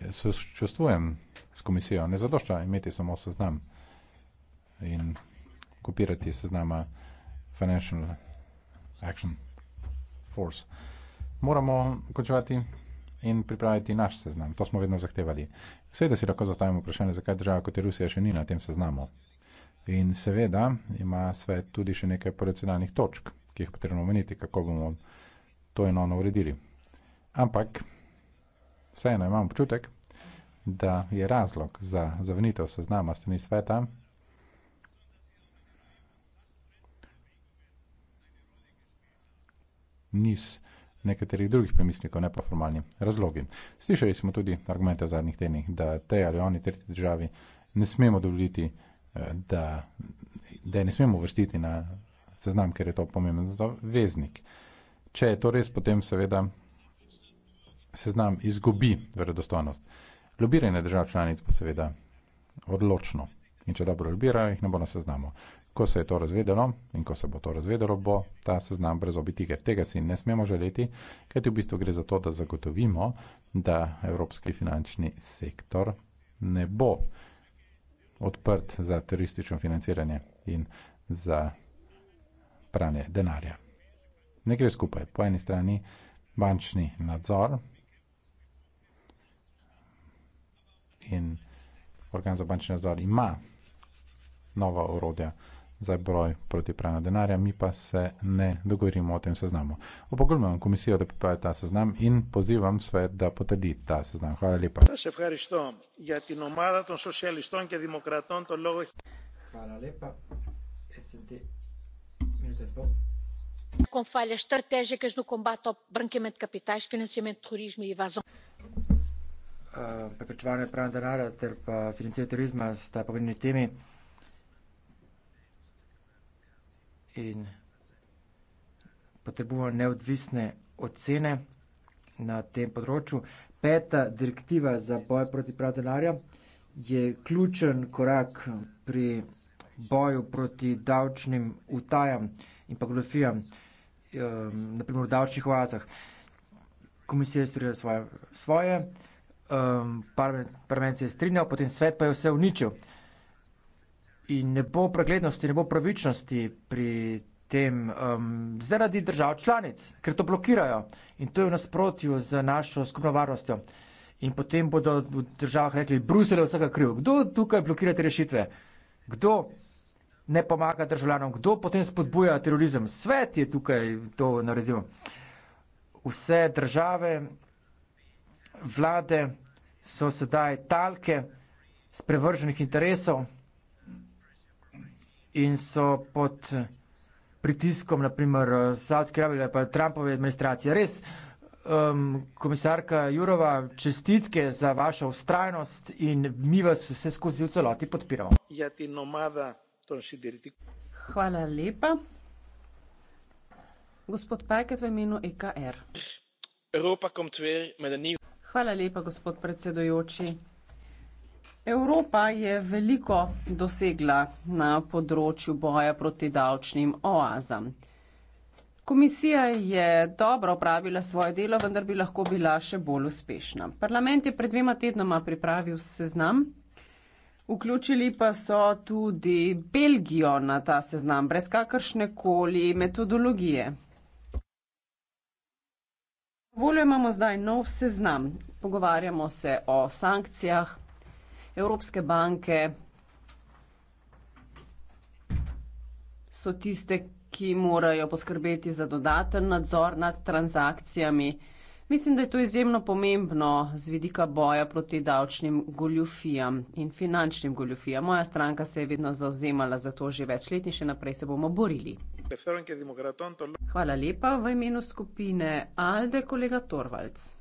Ja, sočustvujem s komisijo. Ne zadošča imeti samo seznam in kopirati seznama Financial Action Force. Moramo končati in pripraviti naš seznam. To smo vedno zahtevali. Seveda si lahko zastavimo vprašanje, zakaj država kot je Rusija še ni na tem seznamu. In seveda ima svet tudi še nekaj poracionalnih točk, ki jih potrebno omeniti, kako bomo to in ono uredili. Ampak vseeno imam občutek, da je razlog za zavrnitev seznama strani sveta. Niz nekaterih drugih premislikov, ne pa formalni razlogi. Slišali smo tudi argumente v zadnjih tednih, da te ali oni tretji državi ne smemo dovoliti, eh, da, da je ne smemo vrstiti na seznam, ker je to pomemben zaveznik. Če je to res, potem seveda seznam izgubi verodostojnost. Lobiranje držav članic pa seveda odločno. In če dobro lobirajo, jih ne bo na seznamu. Ko se je to razvedelo in ko se bo to razvedelo, bo ta seznam brez obiti, ker tega si ne smemo želeti, ker ti v bistvu gre za to, da zagotovimo, da evropski finančni sektor ne bo odprt za teroristično financiranje in za pranje denarja. Ne gre skupaj. Po eni strani bančni nadzor, in organ za bančni nadzor ima nova orodja za broj proti pranja denarja, mi pa se ne dogovorimo o tem seznamu. Opogumljam komisijo, da pripravi ta seznam in pozivam svet, da potrdi ta seznam. Hvala lepa. Hvala lepa. Con falhas estratégicas no combate ao branqueamento de capitais, financiamento de terrorismo e evasão. Eh, preprečevanja pranja denarja ter pa financiranja terorizma sta pomembni temi. In potrebujemo neodvisne ocene na tem področju. Peta direktiva za boj proti pranju denarja je ključen korak pri boju proti davčnim utajam in pa goljofijam, eh, naprimer v davčnih oazah. Komisija je storila svoje. svoje um, parlament, parlament se je strinjal, potem svet pa je vse uničil. In ne bo preglednosti, ne bo pravičnosti pri tem um, zaradi držav članic, ker to blokirajo in to je v nasprotju z našo skupno varnostjo. In potem bodo v državah rekli, Bruselj je vsega kriv. Kdo tukaj blokira te rešitve? Kdo ne pomaga državljanom? Kdo potem spodbuja terorizem? Svet je tukaj to naredil. Vse države vlade so sedaj talke sprevrženih interesov in so pod pritiskom, naprimer, Saudske Arabije ali pa Trumpove administracije. Res, um, komisarka Jurova, čestitke za vašo ustrajnost in mi vas vse skozi v celoti podpiramo. Ja, Hvala lepa. Gospod Pajket v imenu EKR. Evropa kom tver med nivo. Hvala lepa, gospod predsedujoči. Evropa je veliko dosegla na področju boja proti davčnim oazam. Komisija je dobro opravila svoje delo, vendar bi lahko bila še bolj uspešna. Parlament je pred dvema tednoma pripravil seznam, vključili pa so tudi Belgijo na ta seznam brez kakršne koli metodologije voljo imamo zdaj nov seznam. Pogovarjamo se o sankcijah Evropske banke. So tiste, ki morajo poskrbeti za dodaten nadzor nad transakcijami. Mislim, da je to izjemno pomembno z vidika boja proti davčnim goljufijam in finančnim goljufijam. Moja stranka se je vedno zauzemala za to že več let in še naprej se bomo borili. Hvala lepa. V imenu skupine Alde kolega Torvalds.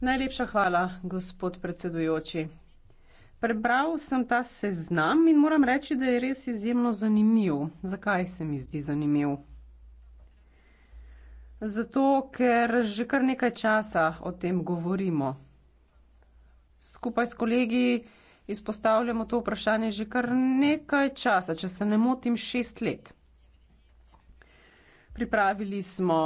Najlepša hvala, gospod predsedujoči. Prebral sem ta seznam in moram reči, da je res izjemno zanimiv. Zakaj se mi zdi zanimiv? Zato, ker že kar nekaj časa o tem govorimo skupaj s kolegi izpostavljamo to vprašanje že kar nekaj časa, če se ne motim, šest let. Pripravili smo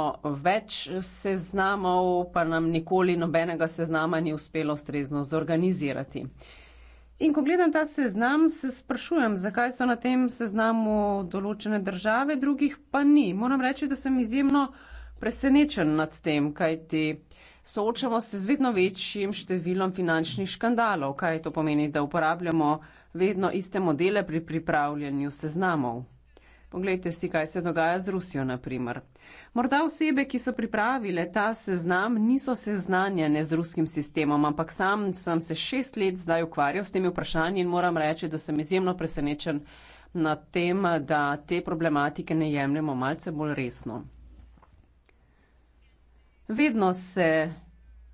več seznamov, pa nam nikoli nobenega seznama ni uspelo ustrezno zorganizirati. In ko gledam ta seznam, se sprašujem, zakaj so na tem seznamu določene države, drugih pa ni. Moram reči, da sem izjemno presenečen nad tem, kajti soočamo se z vedno večjim številom finančnih škandalov. Kaj to pomeni, da uporabljamo vedno iste modele pri pripravljanju seznamov? Poglejte si, kaj se dogaja z Rusijo, naprimer. Morda osebe, ki so pripravile ta seznam, niso seznanjene z ruskim sistemom, ampak sam sem se šest let zdaj ukvarjal s temi vprašanji in moram reči, da sem izjemno presenečen nad tem, da te problematike ne jemljemo malce bolj resno. Vedno se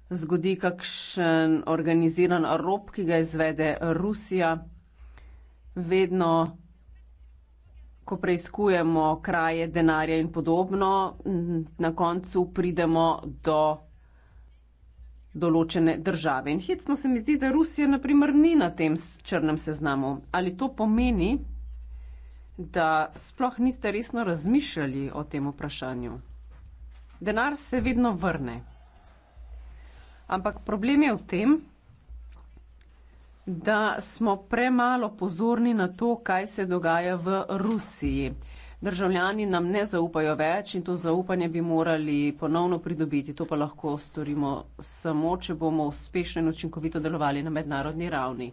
zgodi kakšen organiziran rop, ki ga izvede Rusija. Vedno, ko preizkujemo kraje denarja in podobno, na koncu pridemo do določene države. In hitno se mi zdi, da Rusija naprimer ni na tem črnem seznamu. Ali to pomeni, da sploh niste resno razmišljali o tem vprašanju? Denar se vedno vrne. Ampak problem je v tem, da smo premalo pozorni na to, kaj se dogaja v Rusiji. Državljani nam ne zaupajo več in to zaupanje bi morali ponovno pridobiti. To pa lahko storimo samo, če bomo uspešno in učinkovito delovali na mednarodni ravni.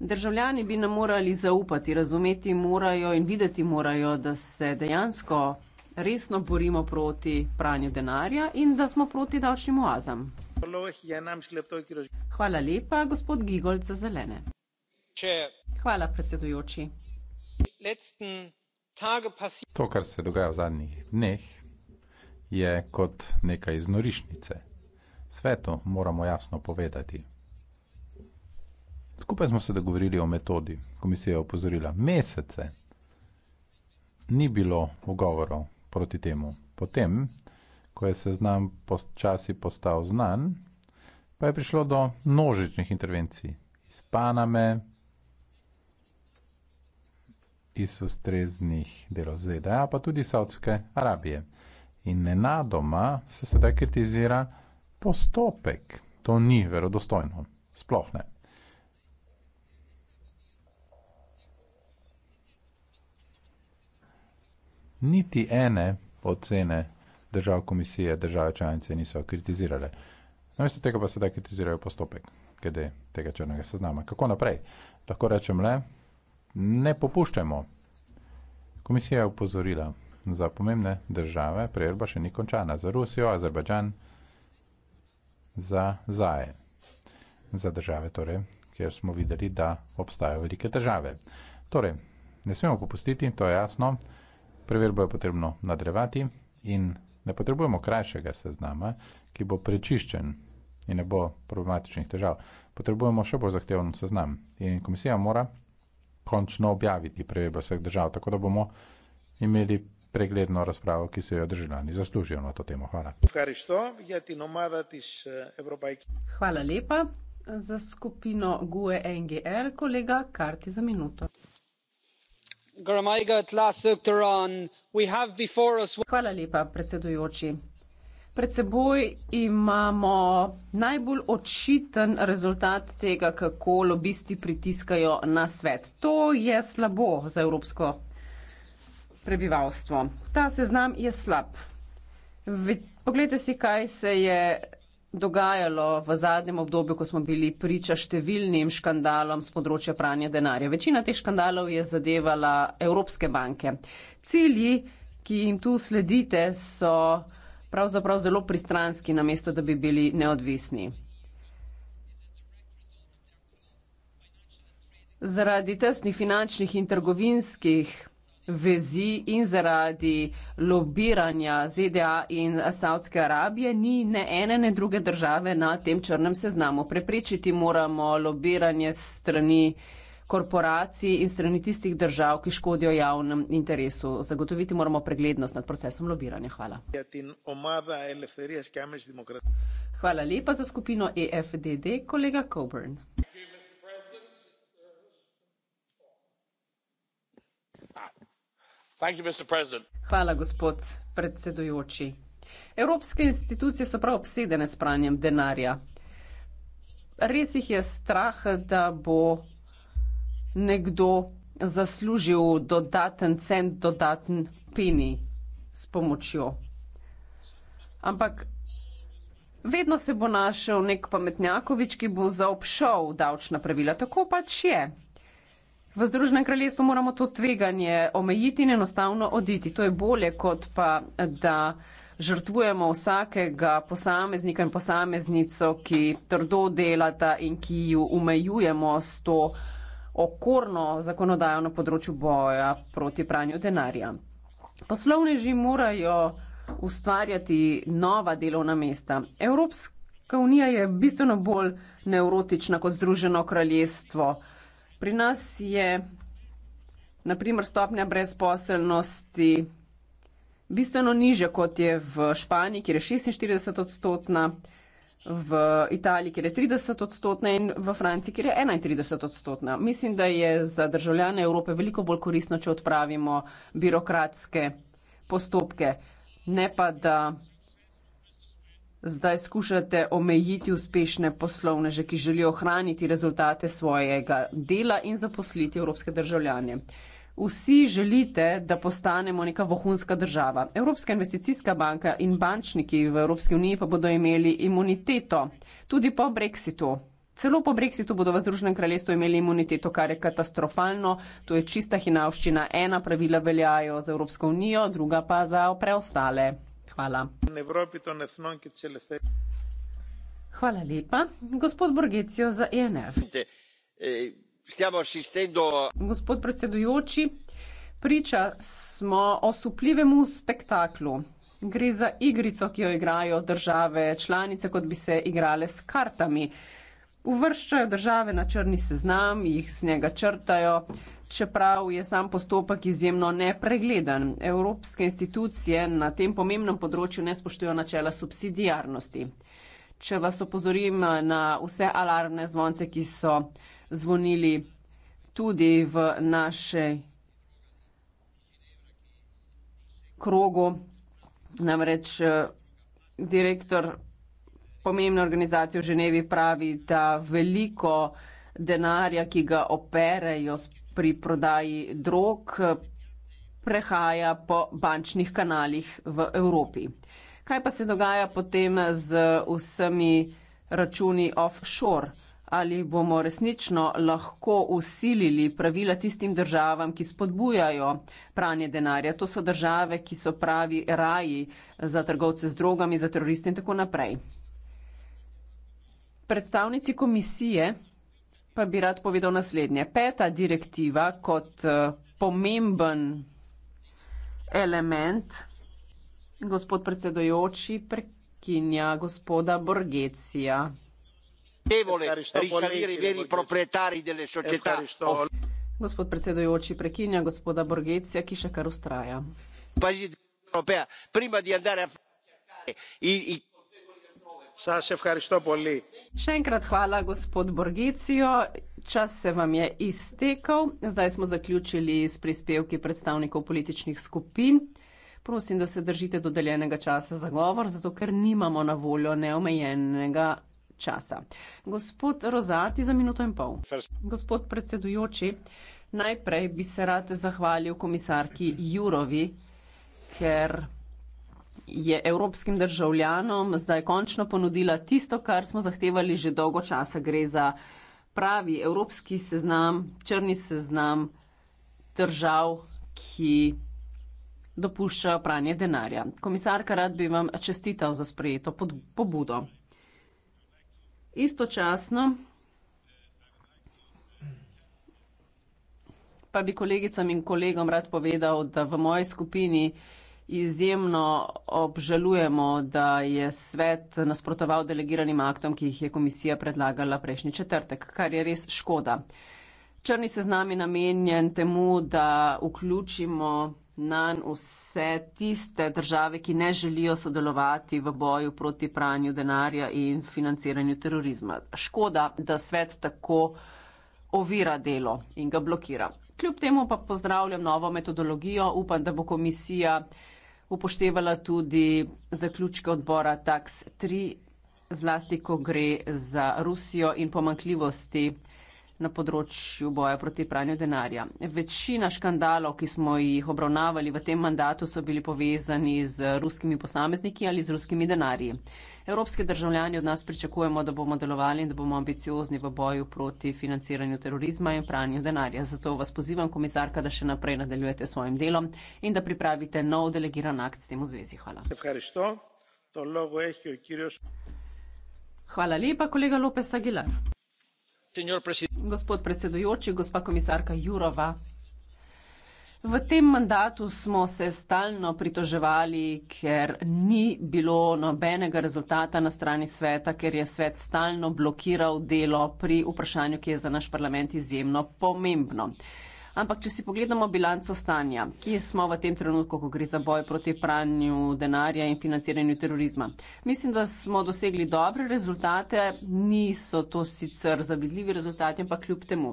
Državljani bi nam morali zaupati, razumeti morajo in videti morajo, da se dejansko resno borimo proti pranju denarja in da smo proti davčnim oazam. Hvala lepa, gospod Gigold za zelene. Hvala, predsedujoči. To, kar se dogaja v zadnjih dneh, je kot nekaj iz norišnice. Svetu moramo jasno povedati. Skupaj smo se dogovorili o metodi, komisija je opozorila mesece, ni bilo ugovorov, proti temu. Potem, ko je seznam počasi postal znan, pa je prišlo do množičnih intervencij iz Paname, iz ustreznih delov ZDA, pa tudi Saudske Arabije. In nenadoma se sedaj kritizira postopek. To ni verodostojno. Sploh ne. niti ene ocene držav komisije, države članice niso kritizirale. Namesto tega pa sedaj kritizirajo postopek glede tega črnega seznama. Kako naprej? Lahko rečem le, ne popuščajmo. Komisija je upozorila za pomembne države, prerba še ni končana. Za Rusijo, Azerbajdžan, za Zaje. Za države torej, kjer smo videli, da obstajajo velike države. Torej, ne smemo popustiti, to je jasno. Preverbo je potrebno nadrevati in ne potrebujemo krajšega seznama, ki bo prečiščen in ne bo problematičnih težav. Potrebujemo še bolj zahteven seznam in komisija mora končno objaviti preverbo vseh držav, tako da bomo imeli pregledno razpravo, ki so jo državljani zaslužili na to temo. Hvala. Eh, Hvala lepa za skupino GUE NGL, kolega Karti za minuto hvala lepa predsedujoči pred seboj imamo najbolj očiten rezultat tega kako lobisti pritiskajo na svet to je slabo za evropsko prebivalstvo ta seznam je slab poglejte si kaj se je dogajalo v zadnjem obdobju, ko smo bili priča številnim škandalom z področja pranja denarja. Večina teh škandalov je zadevala evropske banke. Cilji, ki jim tu sledite, so pravzaprav zelo pristranski, namesto da bi bili neodvisni. Zaradi tesnih finančnih in trgovinskih vezi in zaradi lobiranja ZDA in Saudske Arabije ni ne ene ne druge države na tem črnem seznamu. Preprečiti moramo lobiranje strani korporacij in strani tistih držav, ki škodijo javnem interesu. Zagotoviti moramo preglednost nad procesom lobiranja. Hvala. Hvala lepa za skupino EFDD, kolega Coburn. Hvala, gospod predsedujoči. Evropske institucije so prav obsedene s pranjem denarja. Res jih je strah, da bo nekdo zaslužil dodaten cent, dodaten peni s pomočjo. Ampak vedno se bo našel nek pametnjakovič, ki bo zaobšel davčna pravila. Tako pač je. V Združenem kraljestvu moramo to tveganje omejiti in enostavno oditi. To je bolje, kot pa da žrtvujemo vsakega posameznika in posameznico, ki trdo delata in ki ju omejujemo s to okorno zakonodajo na področju boja proti pranju denarja. Poslovneži morajo ustvarjati nova delovna mesta. Evropska unija je bistveno bolj neurotična kot Združeno kraljestvo. Pri nas je naprimer stopnja brezposelnosti bistveno nižja kot je v Španiji, kjer je 46 odstotna, v Italiji, kjer je 30 odstotna in v Franciji, kjer je 31 odstotna. Mislim, da je za državljane Evrope veliko bolj koristno, če odpravimo birokratske postopke, ne pa da zdaj skušate omejiti uspešne poslovneže, ki želijo ohraniti rezultate svojega dela in zaposliti evropske državljane. Vsi želite, da postanemo neka vohunska država. Evropska investicijska banka in bančniki v Evropski uniji pa bodo imeli imuniteto tudi po brexitu. Celo po brexitu bodo v Združenem kraljestvu imeli imuniteto, kar je katastrofalno. To je čista hinavščina. Ena pravila veljajo za Evropsko unijo, druga pa za preostale. E eh, gospod predsedujoči priča smo osupljivemu spektaklu. Gre za igrico, ki jo igrajo države članice, kot bi se igrale s kartami. Uvrščajo države na črni seznam, jih z njega črtajo, čeprav je sam postopek izjemno nepregleden. Evropske institucije na tem pomembnem področju ne spoštujejo načela subsidijarnosti. Če vas opozorim na vse alarmne zvonce, ki so zvonili tudi v naše krogu, namreč eh, direktor pomembne organizacije v Ženevi pravi, da veliko denarja, ki ga operejo pri prodaji drog prehaja po bančnih kanalih v Evropi. Kaj pa se dogaja potem z vsemi računi offshore? Ali bomo resnično lahko usilili pravila tistim državam, ki spodbujajo pranje denarja? To so države, ki so pravi raji za trgovce z drogami, za teroriste in tako naprej. Predstavnici komisije Pa bi rad povedal naslednje. Peta direktiva kot eh, pomemben element, gospod predsedojoči, prekinja gospoda Borgecija. Gospod predsedojoči, prekinja gospoda Borgecija, ki še kar ustraja. Sa se vkaristo bolj. Še enkrat hvala, gospod Borgicijo. Čas se vam je iztekel. Zdaj smo zaključili s prispevki predstavnikov političnih skupin. Prosim, da se držite dodeljenega časa za govor, zato ker nimamo na voljo neomejenega časa. Gospod Rozati za minuto in pol. First. Gospod predsedujoči, najprej bi se rad zahvalil komisarki Jurovi, ker je evropskim državljanom zdaj končno ponudila tisto, kar smo zahtevali že dolgo časa. Gre za pravi evropski seznam, črni seznam držav, ki dopuščajo pranje denarja. Komisarka, rad bi vam čestital za sprejeto pod, pobudo. Istočasno pa bi kolegicam in kolegom rad povedal, da v moji skupini Izjemno obžalujemo, da je svet nasprotoval delegiranim aktom, ki jih je komisija predlagala prejšnji četrtek, kar je res škoda. Črni seznam je namenjen temu, da vključimo na vse tiste države, ki ne želijo sodelovati v boju proti pranju denarja in financiranju terorizma. Škoda, da svet tako ovira delo in ga blokira. Kljub temu pa pozdravljam novo metodologijo, upam, da bo komisija upoštevala tudi zaključke odbora TAX 3, zlasti ko gre za Rusijo in pomankljivosti na področju boja proti pranju denarja. Večina škandalov, ki smo jih obravnavali v tem mandatu, so bili povezani z ruskimi posamezniki ali z ruskimi denarji. Evropske državljani od nas pričakujemo, da bomo delovali in da bomo ambiciozni v boju proti financiranju terorizma in pranju denarja. Zato vas pozivam, komisarka, da še naprej nadaljujete svojim delom in da pripravite nov delegiran akt s tem v zvezi. Hvala. Hvala lepa, kolega Lopes Aguilar. Gospod predsedujoči, gospa komisarka Jurova. V tem mandatu smo se stalno pritoževali, ker ni bilo nobenega rezultata na strani sveta, ker je svet stalno blokiral delo pri vprašanju, ki je za naš parlament izjemno pomembno. Ampak, če si pogledamo bilanco stanja, kje smo v tem trenutku, ko gre za boj proti pranju denarja in financiranju terorizma. Mislim, da smo dosegli dobre rezultate, niso to sicer zavidljivi rezultati, ampak kljub temu.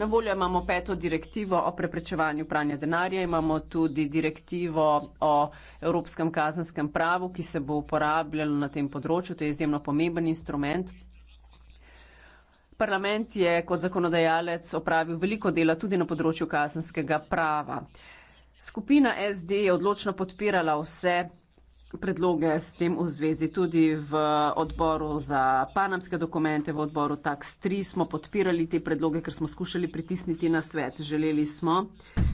Na voljo imamo peto direktivo o preprečevanju pranja denarja, imamo tudi direktivo o evropskem kazenskem pravu, ki se bo uporabljalo na tem področju, to je izjemno pomemben instrument. Parlament je kot zakonodajalec opravil veliko dela tudi na področju kazenskega prava. Skupina SD je odločno podpirala vse predloge s tem v zvezi tudi v odboru za panamske dokumente, v odboru TAX3 smo podpirali te predloge, ker smo skušali pritisniti na svet. Želeli smo,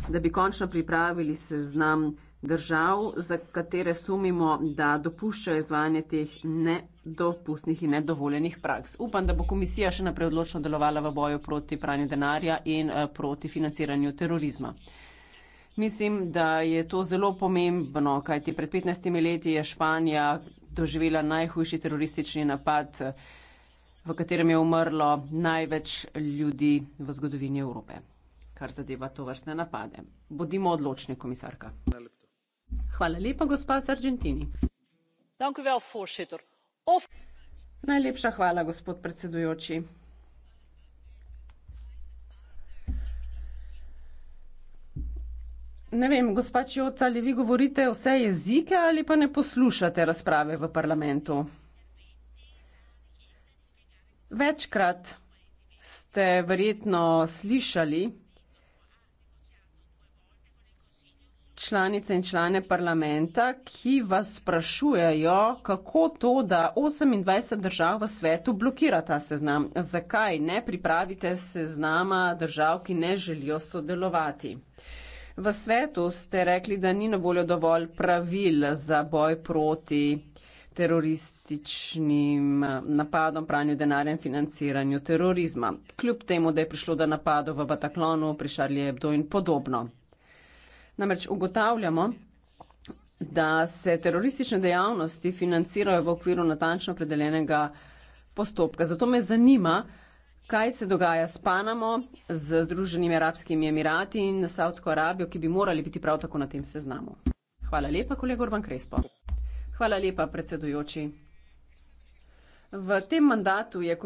da bi končno pripravili seznam držav, za katere sumimo, da dopuščajo izvajanje teh nedopustnih in nedovoljenih praks. Upam, da bo komisija še naprej odločno delovala v boju proti pranju denarja in eh, proti financiranju terorizma. Mislim, da je to zelo pomembno, kajti pred 15 leti je Španija doživela najhujši teroristični napad, v katerem je umrlo največ ljudi v zgodovini Evrope, kar zadeva to vrstne napade. Bodimo odločni, komisarka. Najlepši. Najlepša hvala, gospod predsedujoči. Ne vem, gospa Čioca, ali vi govorite vse jezike ali pa ne poslušate razprave v parlamentu? Večkrat ste verjetno slišali, članice in člane parlamenta, ki vas sprašujejo, kako to, da 28 držav v svetu blokira ta seznam. Zakaj ne pripravite seznama držav, ki ne želijo sodelovati? V svetu ste rekli, da ni na voljo dovolj pravil za boj proti terorističnim eh, napadom, pranju denarja in financiranju terorizma. Kljub temu, da je prišlo do napadov v Bataklonu, prišarli je Ebdo in podobno. Namreč ugotavljamo, da se teroristične dejavnosti financirajo v okviru natančno predeljenega postopka. Zato me zanima, kaj se dogaja s Panamo, z Združenimi arabskimi emirati in Saudsko Arabijo, ki bi morali biti prav tako na tem seznamu. Hvala lepa, kolega Urban Krespo. Hvala lepa, predsedujoči. V tem mandatu je